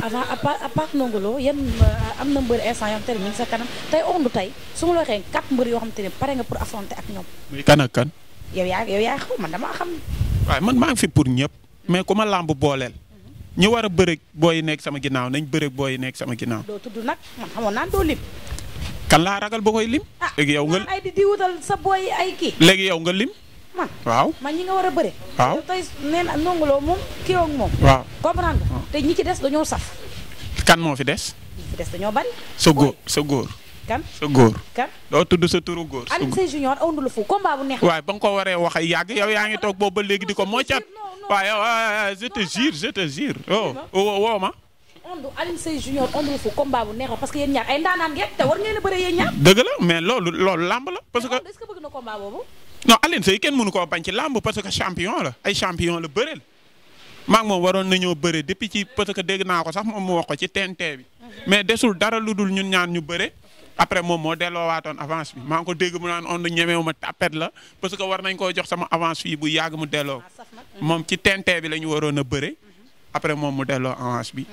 avant à part à part Ndongo Lo yan euh, am na mbër instant yoo xam te ne mi ngi sa kanam tey ondu tey su ma la waxee quatre mbër yoo xam te ne pare nga pour affronter ak ñoom. muy kan ak kan. yow yaa yow yaa xaw man damaa xam. waaw man maa ngi fi pour ñëpp. Mm-hmm. mais ku ma làmb booleel. ñu war a bëreeg booy nekk sama ginnaaw nañ bëreeg booy yi nekk sama ginnaaw. doo tudd nag man xamoon naa doo lim. kan laa ragal boo koy lim. Ah, léegi yow nga ay di wutal sa booy ay kii. léegi yow nga lim. man. waaw man ñi nga war a bëre. waaw te tey nee na nongoloo moom kii ak moom. waaw comprendre te ñi ci des dañoo saf. kan moo fi des. sa fi sa góor sa góor. kan sa góor. kan doo tudd sa turu góor. Alioune Sèye Junior bu neex. waaye ba nga ko waree wax ay yàgg yow yaa ngi toog boobu ba léegi di ko moo cat. waaw yow je te jure je te jure. oh woo ma. parce que yéen ñaar ay ndaanaan ngeen te war ngeen bëree yéen ñaar. dëgg la mais loolu loolu làmb la parce que. est bëgg na combat boobu. non Alioune Seye kenn mënu ko bañ ci làmb parce que champion la ay champion la bëreel maa ngi moom waroon nañoo bëre depuis ci parce que dégg naa ko sax moom mu wax ko ci TNT bi mais desul dara lu dul ñun ñaan ñu bëre après moom moo delloowaatoon avance bi maa ngi ko dégg mu naan on ñemewu ma la parce que war nañ koo jox sama avance fii bu yàgg mu delloo moom ci TNT bi la ñu waroon a bëre après moom mu delloo avance bi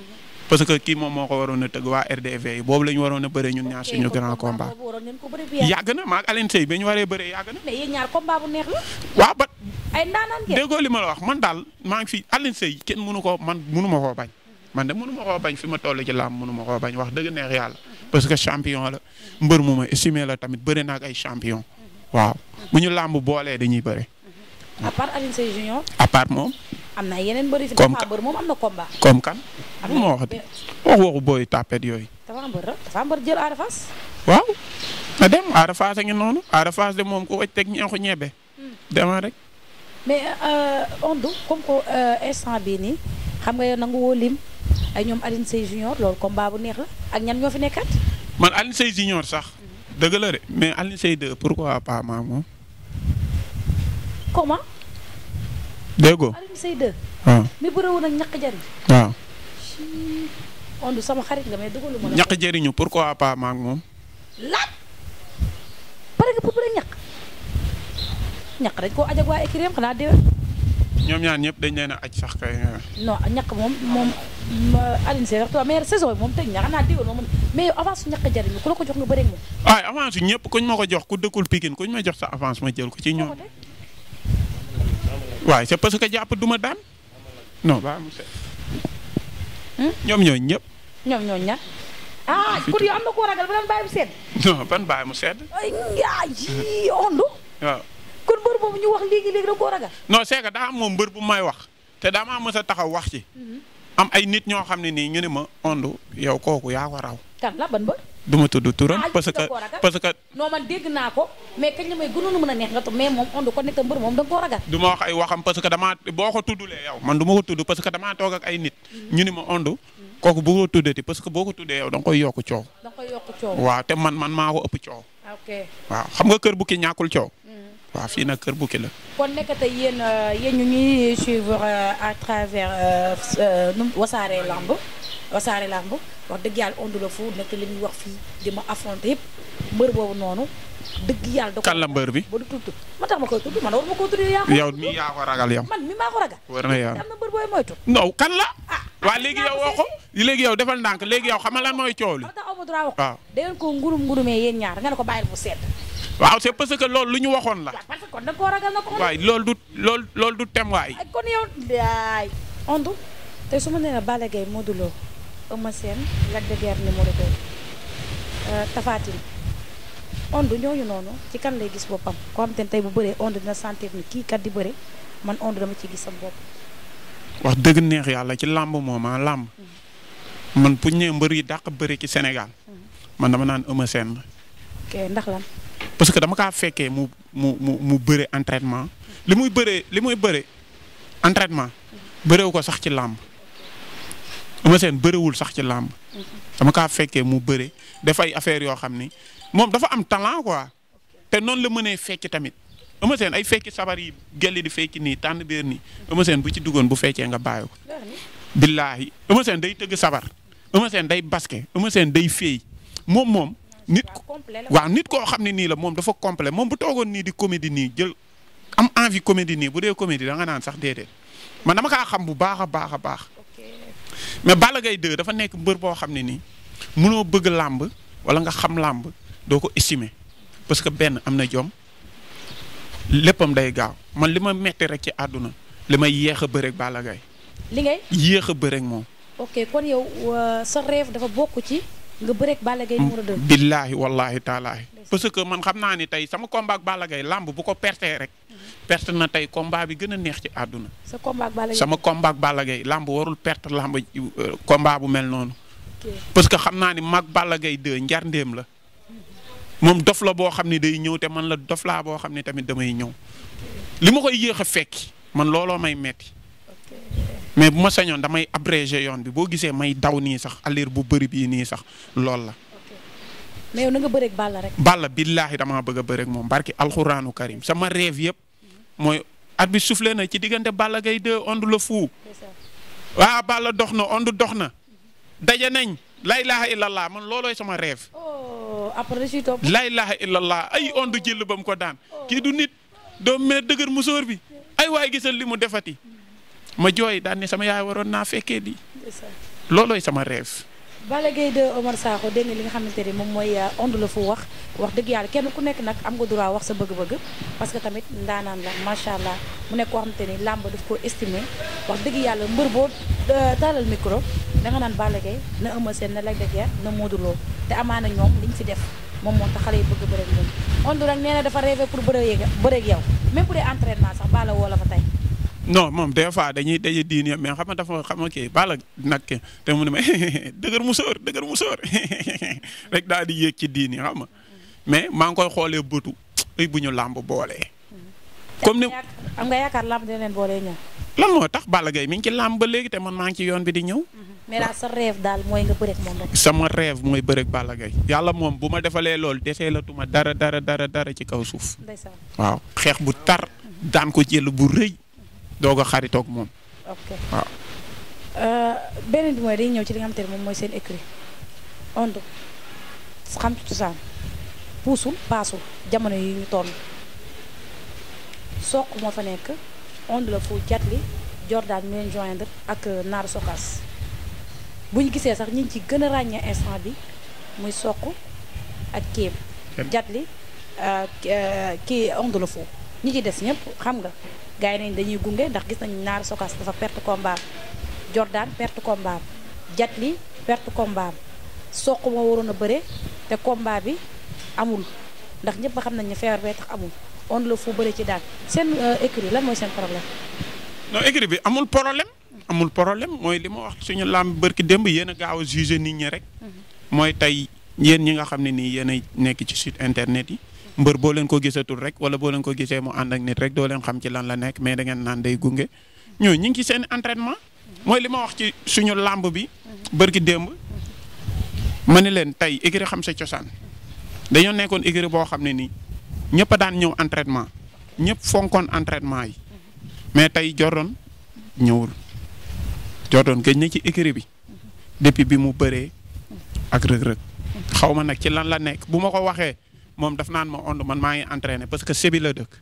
parce que kii moom moo ko waroon a tëgg waa RDV yi boobu la ñu waroon a bëree ñun ñaar suñu grand combat. yàgg na maag Alioune Seye ba ñu waree bëree yàgg na. mais waaw ba. ay ndaanaan li ma la wax man daal maa ngi fi Alioune Seye kenn mënu ko man mënu ma koo bañ. man de mënu ma koo bañ fi ma toll ci làmb mënu koo bañ wax dëgg neex yàlla. parce que champion la. mbër mu ma estimé la tamit bëri na ay champion. waaw bu ñu boolee dañuy bëri. à moom am na yeneen mbër yu fi. comme Tapha moom am na combat. comme kan. am na waxu booy tapet yooyu. Tapha Mbeur Tapha jël Ada Fass. waaw a dem Ada a ngi noonu Ada Fass de moom ku ëcc teg ñeexu ñebe. Hmm. demal rek. mais euh, Onde comme que euh, instant nga yow nangu woo ñoom Alioune Seye junior loolu bu neex la ak ñan ñoo fi nekkaat. man Alioune Seye junior sax. dëgg la de mais Alioune Seye 2 pourquoi pas ma moom. déggoo. waaw. Ah. mi bëre woon waaw. Ah. sama xarit nga mais jariñu pourquoi pas ma ak moom. laaj. pare nga pour bëre ñàkk. ñàkk dañ ko aj ak waa écurie xanaa ñoom ñaan ñëpp dañ leen a aj sax kay. non ñàkk moom moom Alioune Seye wax mais saison na xanaa déwén moom mais avance su ñàkk jariñu ku la ko jox nga bëre ak moom. waaw avance ñëpp kuñ ma ko jox ku dëkkul Pikine kuñ ma jox sa avance ma jël ko ci ñoom. waaye c'est parce que jàpp duma daan non ba mu set ñoom ñooñu ñëpp. ñoom ñooñu ña. ah pour ah, yow am na koo ragal ba daan bàyyi mu sedd. non ban bàyyi mu sedd. ondu. waaw kon mbër boobu ñu wax léegi léegi da ragal. non c'est daa moom mbër bu may wax te daa maa mës a taxaw wax ci. Mhm. am ay nit ñoo xam ne nii ñu ne ma ondu yow kooku yaa ko raw. kan la ban mbër. du ma tudd turam ah, parce que parce que. non dégg naa ko mais moom on ko nekk mbër moom da nga koo ragal. ma wax ay waxam parce que damaa boo ko tuddulee yow man du ma ko tudd parce que damaa toog ak ay nit. ñuni ma ondu kook bu ko tuddati parce que boo ko tuddee yow da koy yokk coow. da te man man maa ko ëpp coow. Ah, ok waaw xam nga kër bu ki ñàkkul coow. waaw fii nag kër bukki la. kon nekk tey yéen euh, yéen ñu ñuy suivre euh, à travers euh, wasaare lamb wasaare wax dëgg yàlla ondu la fu nekk li ñuy wax fii di ma affronté yëpp mbër boobu noonu dëgg yàlla. da ko kan la mbër bi ba du ko. yow mii yaa ko ragal yow. na yow am kan la. Ah, ah, waa léegi yow woo léegi yow defal ndànk léegi yow xamal lan mooy coow li. waaw da ngeen ko ngurum ngurumee yéen ñaar nga ne ko bàyyil bu sedd waaw c'est parce que loolu lu ñu waxoon la. parce que kon loolu du loolu du tem waay. kon yow yaay. Onde tey su ma nee la Balla Gaye Modou Lo Eumeu Sène Lac de Guiers euh, ñooñu noonu ci kan lay gis boppam koo xam te tey bu baree Onde dina sentir ni kii kat di bëre man Onde dama ci gis bopp. wax dëgg neex yàlla ci làmb moom ah làmb. man pour ñu mbër yi dàq bëri ci Sénégal. Mm-hmm. man dama naan Eumeu la. ok ndax lan. parce que dama kaa fekkee mu mu mu mu bëre entraînement li muy bëree li muy bëre entraitement bërewu ko sax ci làmb Eumeu Sène bëriwul sax ci làmb dama kaa fekkee mu bëre def ay yoo xam ni moom dafa am talent quoi te noonu la mënee fecc tamit amaseen ay fecci sabar yi gelli di fecci nii tànn biir nii Eumeu bu ci duggoon bu feccee nga bàyyi ko billaahi Eumeu day tëgg sabar Eumeu day baske Eumeu day féey moom moom nit waaw nit koo xam ne nii la moom dafa complet moom bu toogoon nii di comédie nii jël am envie comédie nii bu dee comédie da nga naan sax déedéet man dama kaa xam bu baax a baax a baax mais Balla Gaye 2 dafa nekk mbër boo xam ne nii mënoo bëgg làmb wala nga xam làmb doo ko estimer parce que benn am na jom léppam day gaaw man li ma metti rek ci àdduna li may yéex a bëreeg Balla Gaye li ngay yéex a bëreeg moom. ok kon yow euh, sa rêve dafa bokk ci. nga bëreeg Balla Gaye numéro 2. billaahi wallaahi taalaahi. parce que man xam naa ni tey sama combat ak làmb bu ko perte rek. perte na tey combat bi gën a neex ci àdduna. sa sama combat ak Balla làmb warul perte làmb euh, combat bu mel noonu. parce que xam naa ni mag Balla Gaye 2 njar la. moom dof la boo xam ne day ñëw te man la dof laa boo xam ne tamit damay ñëw. li ma koy yéex a fekki man looloo may metti mais bu ma sañoon damay abrégé yoon bi boo gisee may daw nii sax allure bu bëri bii nii sax lool la. mais yow na nga bëreeg Balla billaahi damaa bëgg a bëreeg moom barki alxuraanu karim sama rêve yëpp mooy at bi soufflé na ci diggante Balla gay 2 Onde le fou. waaw ah, Balla dox na Onde dox na. daje lay la ilaha illallah man loolooy sama rêve. oh après ci ay Onde jël ba mu ko daan. Oh. kii du nit doo mais dëgër musóor bi. ay waay gisal li mu defati. ma jooy daan ne sama yaay waroon naa fekkee lii. loolooy sama rêve. Balla Gaye 2 Omar Sakho dégg nga li nga xamante ni moom mooy euh, Onde la fu wax wax dëgg yàlla kenn ku nekk nag am nga droit wax sa bëgg-bëgg parce que tamit ndaanaan la macha allah mu nekk koo xamante ni làmb daf ko estimé wax dëgg yàlla mbër boo euh, taalal micro da nga naan Balla Gaye na Eumeu Sène na Lac de Guiers na Modou Lo te amaana ñoom liñ fi def moom moo tax xale yi bëgg bëreeg ñoom Onde nag nee na dafa rêvé pour bëree yëg bëreeg yow même bu dee entraînement sax Balla woo la fa tey. non moom des fois dañuy daje diin mais xam nga dafa xama nga kii bala nag te mu ne ma dëgër mu sóor dëgër mu rek daal di yéeg ci diin yi xam nga mais maa ngi koy xoolee bëtu ay bu ñu làmb boolee. comme ni am nga làmb moo tax Balla Gaye mi ngi ci làmb ba léegi te man maa ngi ci yoon bi di ñëw. Mm-hmm. mais daal mooy nga bëreeg sama rêve mooy bëreeg Balla Gaye yàlla moom bu ma defalee loolu desee la tuma dara dara dara dara ci kaw suuf. waaw xeex bu tar daan ko jël bu rëy. doog a xaritoog moom. ok waaw. Euh, beneen mooy dañuy ñëw ci li nga moom mooy seen écrit Onde xam cosaan puusul paasul jamono yi ñu toll soq moo fa nekk Onde la fu jatli Jordan mi leen joindre ak euh, Naar Sokas bu gisee sax ñu ngi ci gën a ràññee instant bi muy soq ak kéem jatli euh, kii Onde la fu ñi ci des ñëpp xam nga gars yi nañ dañuy gunge ndax gis nañ naar sokas dafa perte combat Jordan perte combat Jatli perte combat soq ma waroon a bëre te combat bi amul ndax ñëpp xam nañ ne feebar bee tax amul on le fu bëre ci daal seen euh, écurie lan mooy seen problème. non écurie bi amul problème. amul problème mooy li ma wax suñu làmb bërki démb yéen a gaaw a jugé nit ñi rek. Mhm. mooy tey yéen ñi nga xam ne nii yéen a nekk ci site internet yi. mbër boo leen ko gisatul rek wala boo leen ko gisee mu ànd ak nit rek doo leen xam ci lan la nekk mais da ngeen naan day gunge ñoo ñu ngi ci seen entraînement mooy li ma wax ci suñu làmb bi bërki démb ma ne leen tey écurie xam sa cosaan dañoo nekkoon écurie boo xam ne nii ñëpp a daan ñëw entraînement ñëpp fonkoon entraînement yi mais tey Jordan ñëwul Jordan gëj na ci écurie bi depuis bi mu bëree ak rëg-rëg xaw ma nag ci lan la nekk bu ma ko waxee moom daf naan ma ond man maa ngi entraîné parce que sébi la dëkk.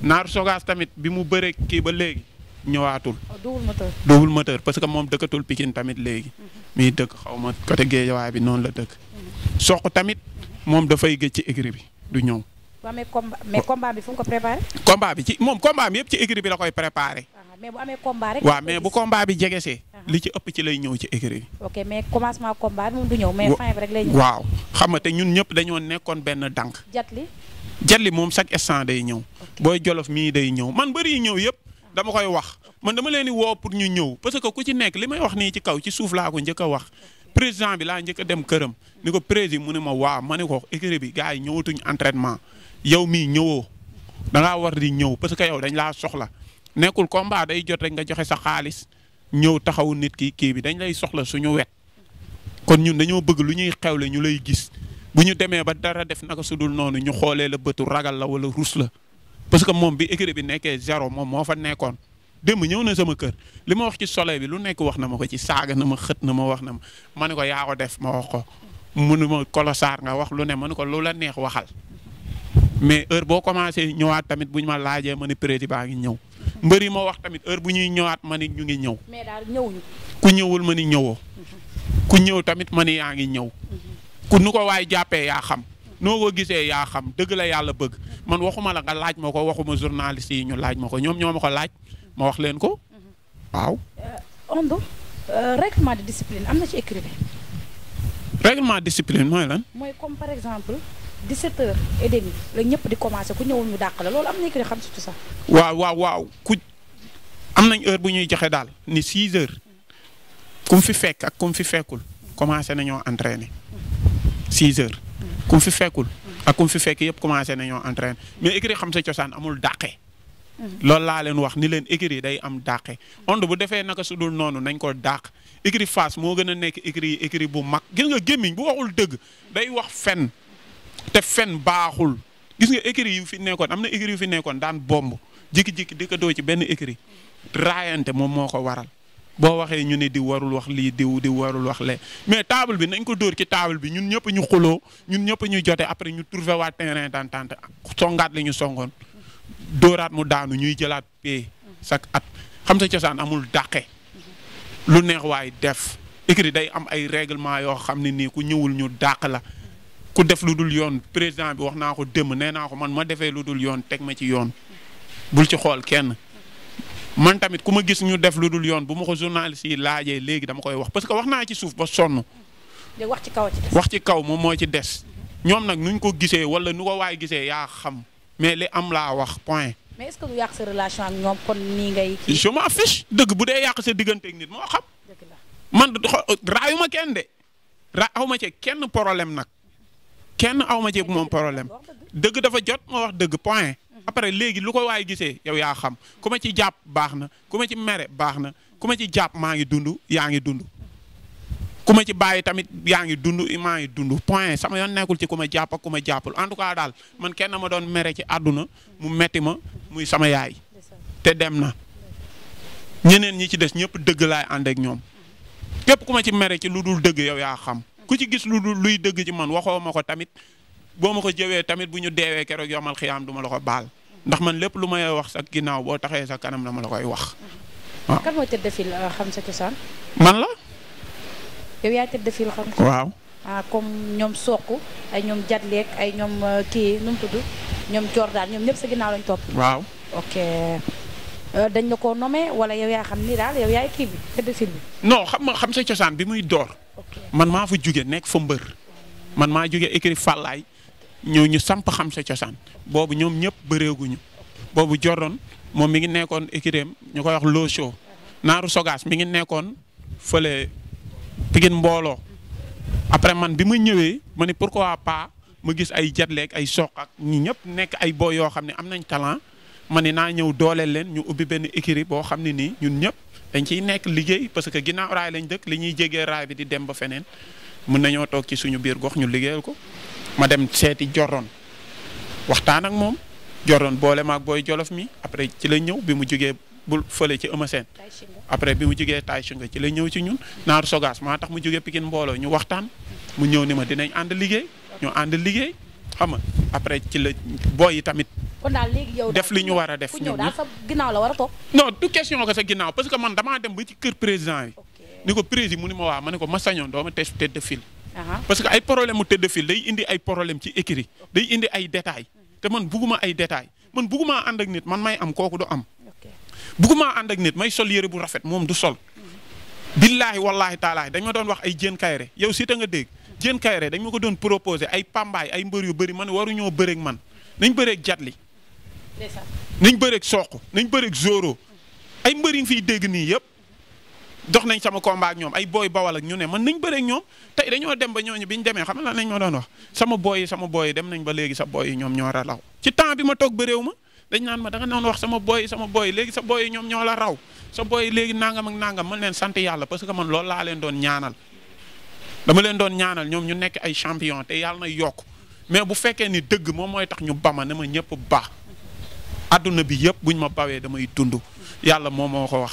naar sogaas tamit bi mu bëree kii ba léegi ñëwaatul. Oh, double moteur parce que moom dëkkatul Pikine tamit léegi. muy mhm. dëkk xaw ma côté Guédiawaye bi noonu la dëkk. Mhm. soq tamit moom dafay gëj ci écurie bi du ñëw. waaw mais combat mais combat bi fu bi ci moom combat yëpp ci écurie bi la koy préparé. Ah, mais bu amee combat rek. mais bu combat bi jege jegesee li ci ëpp ci lay ñëw ci écurie yi. ok mais commencement combat moom du ñëw mais fin bi waaw xam nga te ñun ñëpp dañoo nekkoon benn dànk. jatli jatli moom chaque instant day ñëw. booy jolof mii day ñëw man bëri ñëw yëpp. Ah. dama koy wax man dama leen di woo pour ñu ñëw parce que ku ci nekk li may wax nii ci kaw ci suuf laa ko njëkk wax. président bi laa njëkk a dem këram. ni ko président mu ne ma waaw ma ne ko écurie bi gars yi ñëwatuñ entraînement yow mii ñëwoo da war di ñëw parce que yow dañ laa soxla nekkul combat day jot rek nga joxe sa xaalis ñëw taxawu nit ki kii bi dañ lay soxla suñu wet kon ñun dañoo bëgg lu ñuy xewle ñu lay gis bu ñu demee ba dara def naka su dul noonu ñu xoolee la bëtu ragal la wala ruus la parce que moom bi écrit bi nekkee zéro moom moo fa nekkoon démb ñëw na sama kër li ma wax ci soleil bi lu nekk wax na ma ko ci saaga na ma xët na ma wax na ma ma ne ko yaa ko def ma wax ko nu ma kolosaar nga wax lu ne ma ne ko lu la neex waxal mais heure boo commencé ñëwaat tamit bu ñu ma laajee ma ne président ngi ñëw mbër yi ma wax tamit heure bu ñuy ñëwaat ma ñu ngi ñëw. mais daal ku ñëwul ma ni ñëwoo. ku ñëw tamit ma ni yaa ngi ñëw. ku nu ko waay jàppee yaa xam. noo ko gisee yaa xam dëgg la yàlla bëgg man waxuma la nga laaj ma ko waxuma journaliste yi ñu laaj ma ko ñoom ñoo ma ko laaj ma wax leen ko waaw. Euh, Ondo euh, de discipline am na ci écrit bi. discipline mooy lan. mooy comme par exemple. 17 heures et demi la ñëpp di commencé ku ñëwul ñu dàq la loolu am nañu ko xam sax. waaw waaw waaw am nañ heure bu ñuy joxe daal ni 6 heures ku fi fekk ak fi fekkul commencé nañoo entraîner 6 heures ku mu fi fekkul ak ku mu fi yëpp commencé nañoo entraîner mais écurie xam sa cosaan amul dàqe. loolu laa leen wax ni leen écurie day am dàqe Onde bu defee naka su dul noonu nañ ko dàq écurie Fass moo gën a nekk écurie écurie bu mag gis nga gémmiñ bu waxul dëgg day wax fenn. te fen baaxul gis nga écurie yu fi nekkoon am na écurie yu fi nekkoon daan bomb jékki-jékki di ko doo ci benn écurie rayante moom moo ko waral boo waxee ñu ne di warul wax lii diw di warul wax le mais table bi nañ ko dóor ci table bi ñun ñëpp ñu xuloo ñun ñëpp ñu jote après ñu trouvé waa terrain d'entente songaat li ñu songoon dóoraat mu daanu ñuy jëlaat pay chaque at xam sa cosaan amul dàqe lu neex waay def écurie day am ay règlement yoo xam ne nii ku ñëwul ñu dàq la ku def lu dul yoon président bi wax naa ko démb nee naa ko man ma defee lu dul yoon teg ma ci yoon bul ci xool kenn man tamit ku ma gis ñu def lu dul yoon bu ma ko journaliste yi laajee léegi dama koy wax parce que wax naa ci suuf ba sonn. wax ci kaw ci wax ci kaw moom moo ci des. ñoom nag nu ñu ko gisee wala nu ko waay gisee yaa xam mais li am laa wax point. mais est-ce que du yàq sa dëgg bu dee yàq sa diggante ak nit moo xam. man raayuma kenn de raawuma ci kenn problème nag. kenn aw ma ci moom problème dëgg dafa jot ma wax dëgg point mhm. après léegi lu ko waay gisee yow yaa xam ku ma ci jàpp baax na ku ma ci mere baax na ku ma ci jàpp maa ngi dund yaa ngi dund ku ma ci bàyyi tamit yaa ngi dund i maa ngi dund point sama yoon nekkul ci ku ma jàpp ku ma jàppul en tout cas daal man kenn ma doon mere ci àdduna mu metti ma muy sama yaay te dem na ñeneen ñi ci des ñëpp dëgg lay ànd ñoom képp ku ma ci mere ci lu dul dëgg yow yaa xam lu ci gis lu luy dëgg ci man waxoo ko tamit boo ma ko jëwee tamit bu ñu deewee keroog yomal xiyaam du ma la ko baal ndax man lépp lu may wax sa ginnaaw boo taxee sa kanam la ma la koy wax. waaw kan moo tëdd fil euh, xam sa cosaan. man la. yow yaa tëdd fil xam. Ah, comme ñoom Sokku ay ñoom Jadleek ay ñoom euh, kii nu mu tudd ñoom Jordan ñoom ñëpp sa ginnaaw lañ topp. waaw ok. Euh, dañ la ko nommé wala yow yaa xam ni daal yow yaay kii bi tëdd fil bi. non xam xam sa cosaan bi muy door. man maa fa jóge nekk fa mbër man maa jóge écrit fàllaay ñëw ñu samp xam sa cosaan boobu ñoom ñëpp bëreeguñu boobu Jordan moom mi ngi nekkoon écritam ñu koy wax loo show naaru sogaas mi ngi nekkoon fële Pikine mbooloo après man bi ma ñëwee ma ne pourquoi pas ma gis ay jetleeg ay soq ak ñi ñëpp nekk ay boo yoo xam ne am nañ talent ma ne naa ñëw dooleel leen ñu ubbi benn écrit boo xam ne nii ñun ñëpp. dañ ciy nekk liggéey parce que ginnaaw raay lañ dëkk li ñuy jégee raay bi di dem ba feneen mën nañoo toog ci suñu biir gox ñu liggéeyal ko ma dem seeti joron waxtaan ak moom joron boole maag booy jolof mi après ci la ñëw bi mu jugee bul fële ci ëma seen après bi mu jugee tay sunga ci la ñëw ci ñun naaru sogaas maa tax mu jugee Pikine mbooloo ñu waxtaan mu ñëw ni ma dinañ ànd liggéey ñu ànd liggéey xam nga après ci la booy yi tamit kon yow def li ñu war a def ñun ñëpp sa la war a toog non du question ko sa ginnaaw parce que man damaa dem ba ci kër président bi ni ko président mu ni ma waa ma ne ko ma sañoon doo ma test tête de file parce que ay problème mu tête de day indi ay problème ci écrit day indi ay détails te man bugguma ay détails man bugguma ànd ak nit man may am kooku du am bugguma ànd ak may sol yére bu rafet moom du sol billaahi wallaahi taalaahi dañ ma doon wax ay jën kayre yow si ta nga dégg jën kayre dañ ma ko doon proposé ay pambaay ay yu bëri man waruñoo bëreeg man nañ bëreeg jatli nañ bëreek soq nañ bëreeg zoro ay mbër yi nga dégg nii yëpp dox nañ sama combat ak ñoom ay booy bawal ak ñu ne man nañ bëreeg ñoom tey dañoo dem ba ñooñu bi ñu demee xam nga doon wax sama booy yi sama booy yi nañ ba léegi sa booy yi ñoom ñoo raw ci bi ma toog bëreew ma dañ naan ma da nga wax sama booy sama booy léegi sa booy ñoom ñoo la raw sa booy léegi nangam ak nangam man leen sant yàlla parce que man loolu laa leen doon ñaanal dama leen doon ñaanal ñoom ñu nekk ay champion te yàlla na yokk mais bu fekkee ni dëgg moom mooy tax ñu bama ne ma ñëpp baax adduna bi yëpp buñ ma bawee damay tund yàlla moo moo ko wax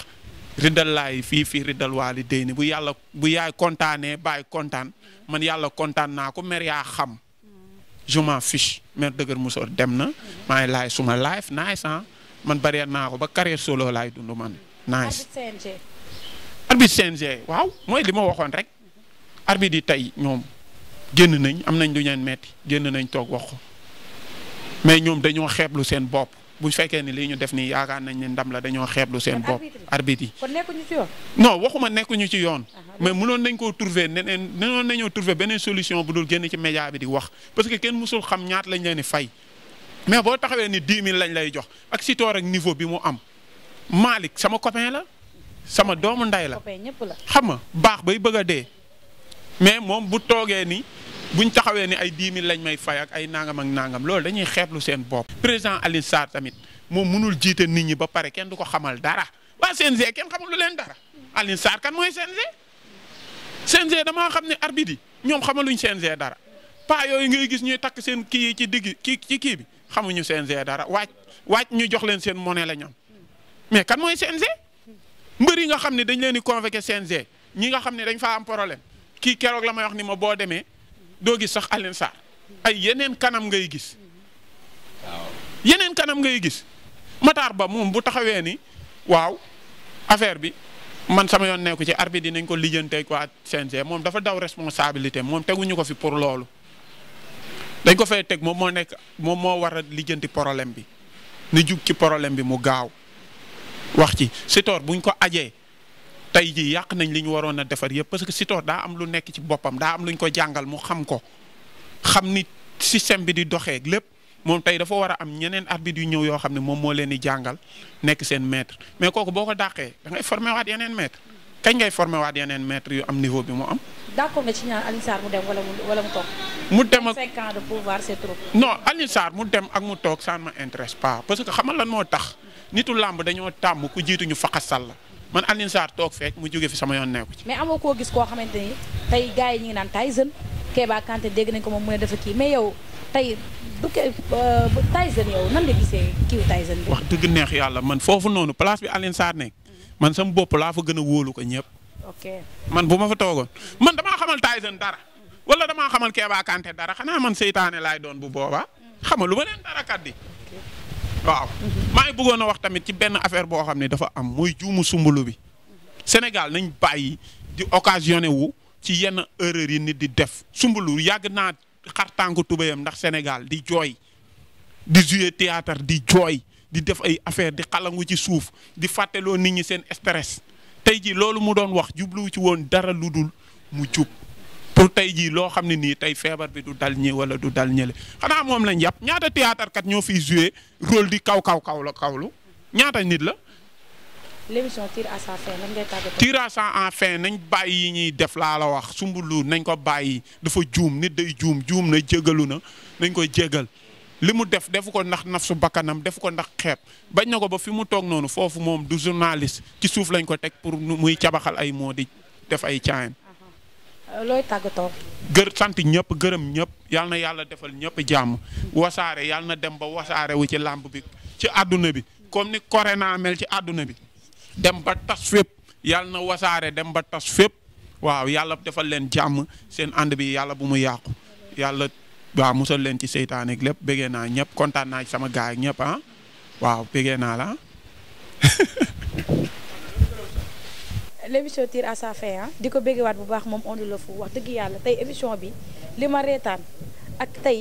riddal laay fii fii riddal waali déy ni bu yàlla bu yaay kontaanee bàyyi kontaan man yàlla kontaan naa ko mer yaa xam je m'en fiche mer dëgër musoor dem na maa lay suma life nice ah man barrière naa ko ba carrière solo lay dund man nice arbitre CNG waaw mooy lima ma waxoon rek arbitre yi tey ñoom génn nañ am nañ lu ñeen metti génn nañ toog wax ko mais ñoom dañoo xeeblu seen bopp bu fekkee ni lii ñu def nii yaakaar nañ ne ndam la dañoo xeeblu seen bopp. arbitre yi kon nekkuñu ci yoon. non waxuma nekkuñu ci yoon. mais mënoon nañ koo trouver neneen mënoon nañoo trouver beneen solution bu dul génn ci média bi di wax parce que kenn mësul xam ñaat lañ leen di fay. mais boo taxawee ni 10 000 lañ lay jox ak si toor ak niveau bi mu am Malick sama copain la sama doomu ndey la xam nga baax bay bëgg a dee mais moom bu toogee ni. bu ñu taxawee ni ay 10 000 lañ may fay ak ay nangam ak nangam loolu dañuy xeeblu seen bopp. président Alioune Sarr tamit moom mënul jiite nit ñi ba pare kenn du ko xamal dara waa CNG kenn xamul leen dara Alioune Sarr kan mooy CNG CNG damaa xam ne arbitre ñoom xamaluñ CNG dara pas yooyu ngay gis ñuy takk seen kii ci digg kii ci kii bi xamuñu CNG dara waaj waaj ñu jox leen seen monnaie la ñoom mais kan mooy CNG mbër yi nga xam ne dañ leen di convoqué CNG ñi nga xam ne dañ faa am problème kii keroog la may wax ni ma boo demee. doo gis sax Alioune Sarr ay yeneen kanam ngay gis waaw yeneen kanam ngay gis Matar Ba moom bu taxawee ni waaw affaire bi man sama yoon nekku ci arbitre dinañ ko lijjantee waa CNG moom dafa daw responsabilité moom teguñu ko fi pour loolu dañ ko fay teg moom moo nekk moom moo war a lijjanti problème bi ni jub ci problème bi mu gaaw wax ci Sitor buñ ko ajee tey jii yàq nañ li ñu waroon a defar yëpp parce que Sitor daa am lu nekk ci boppam daa am lu ñu ko jàngal mu xam ko xam ni système bi di doxee lépp moom tey dafa war a am ñeneen arbitre yu ñëw yoo xam ne moom moo leen di jàngal nekk seen maître mais kooku boo ko dàqee dangay ngay formé waat yeneen maître kañ ngay formé waat yeneen maître yu am niveau bi mu am. mu dem wala mu wala mu mu dem ak mu toog ça ne m'intéresse parce que xamal lan moo tax. nitu làmb dañoo tàmm ku jiituñu ñu faqasal la man Alioune Sarr toog feek mu jóge fi sama yoon nekku ci. mais amoo koo gis koo xamante ni tey gars yi ñu ngi naan Tyson Kéba Kanté dégg nañ ko moom mu ne dafa tey bu euh, kii wax dëgg neex yàlla man foofu noonu place bi Alioune Sarr nekk man sama bopp laa fa gën a wóolu ko ñëpp. man bu ma fa toogoon man damaa xamal Tyson dara. wala damaa xamal Kéba Kanté dara xanaa man seytaane laay doon bu boobaa. xamal lu ma leen dara kat di waaw maa ngi bëggoon a wax tamit ci benn affaire boo xam ne dafa am mooy juumu sumbulu bi Sénégal nañ bàyyi di occasionné wu ci yenn erreur yi nit di def sumbulu yàgg naa xar tubéyam ndax Sénégal di jooy di jouer théâtre di jooy di def ay affaire di xalangu ci suuf di fàtteloo nit ñi seen stress tey ji loolu mu doon wax jubluwu ci woon dara lu dul mu jub pour tey jii loo xam ne nii tey feebar bi du dal ñi wala du dal ñële xanaa moom lañ yàpp ñaata théâtre kat ñoo fiy joué rôle di kaw kaw kaw la kawlu ñaata nit la. l'émission tire fin nañ bàyyi yi ñuy def laa la wax sumbulu nañ ko bàyyi dafa juum nit day juum juum na jégalu na nañ koy jégal li mu def defu ko ndax naf su bakkanam defu ko ndax xeeb bañ na ko ba fi mu toog noonu foofu moom du journaliste ci suuf lañ ko teg pour muy cabaxal ay moo di def ay caayam Euh, looy tàggatoo. gër sant ñëpp gërëm ñëpp yal na yàlla defal ñëpp jàmm wasaare yal na dem ba wasaare wu ci làmb bi ci àdduna bi comme ni corona mel ci àdduna bi dem ba tas fépp yal na wasaare dem ba tas fépp waaw yàlla defal leen jàmm seen ànd bi yàlla bu mu yàqu yàlla waaw musal leen ci seytaan lépp bëggee naa ñëpp kontaan naa sama gaay ak ñëpp ah. waaw bëggee naa la ah. l' émission à sa fin ah di ko béggewaat bu baax moom Onde le Fou wax dëgg yàlla tey émission bi li ma reetaan ak tey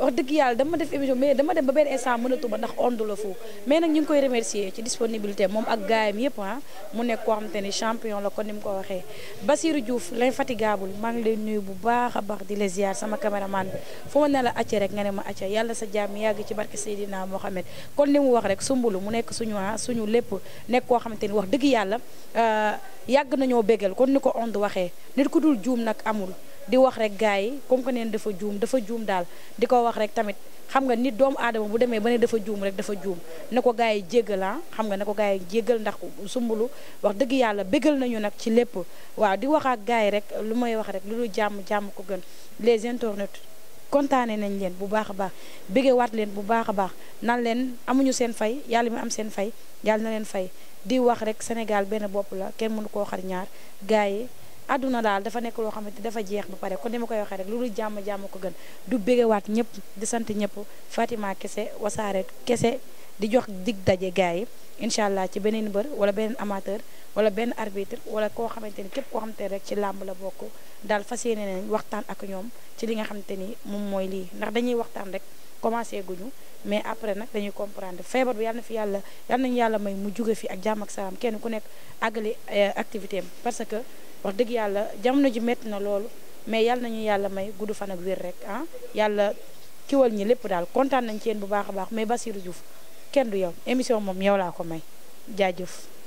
wax dëgg yàlla dama def émission mais dama dem ba benn instant mënatuma ndax onde la foofu mais nag ñu ngi koy remercier ci disponibilité moom ak gaayam yëpp ah mu nekk koo xamante ni champion la kon ni mu ko waxee Basirou Diouf l'infatigable maa ngi lay nuyu bu baax a baax di la sama caméraman foo ne la acca rek nga ne ma acca yàlla sa jàmm yàgg ci barke Seydina Mohamed kon ni mu wax rek sumbulu mu nekk suñu ah suñu lépp nekk koo xamante ni wax dëgg yàlla euh, yàgg nañoo béggal kon ni ko onde waxee nit ku dul juum nag amul di wax rek gars yi comme que neen dafa juum dafa juum daal di ko wax rek tamit xam nga ni doomu aadama bu demee ba ne dafa juum rek dafa juum ne ko gars yi jéggal ah xam nga na ko gars yi jéggal ndax sumbulu wax dëgg yàlla béggal nañu nag ci lépp waaw di wax ak gars yi rek lu may wax rek lu dul jàmm jàmm ko gën les internautes kontaane nañ leen bu baax a baax bégewaat leen bu baax a baax nan leen amuñu seen fay yàlla mi am seen fay yàlla na leen fay di wax rek Sénégal benn bopp la kenn mënu koo xar ñaar gars yi àdduna daal dafa nekk loo xamante dafa jeex ba pare kon ni ma koy waxee rek lu dul jàmm jàmm ko gën du bégewaat ñëpp di sant ñëpp Fatima kese wasaare kese di jox digg daje gars yi incha allah ci beneen bër wala beneen amateur wala benn arbitre wala koo xamante ni képp koo xamante rek ci làmb la bokk daal fas yéene nañ waxtaan ak ñoom ci li nga xamante ni moom mooy lii ndax dañuy waxtaan rek commencé guñu mais après nag dañuy comprendre feebar bi yàlla na fi yàlla yàlla nañu yàlla may mu jóge fi ak jàmm ak salaam kenn ku nekk àggali euh, activité wax dëgg yàlla jamono ji métti na loolu mais yàlla nañu yàlla may gudd fan ak wér rek ah yàlla kiwal ñi lépp daal kontaan nañ ci yéen bu baax a baax mais Basirou Diouf kenn du yow émission moom yow ko may jaajëf.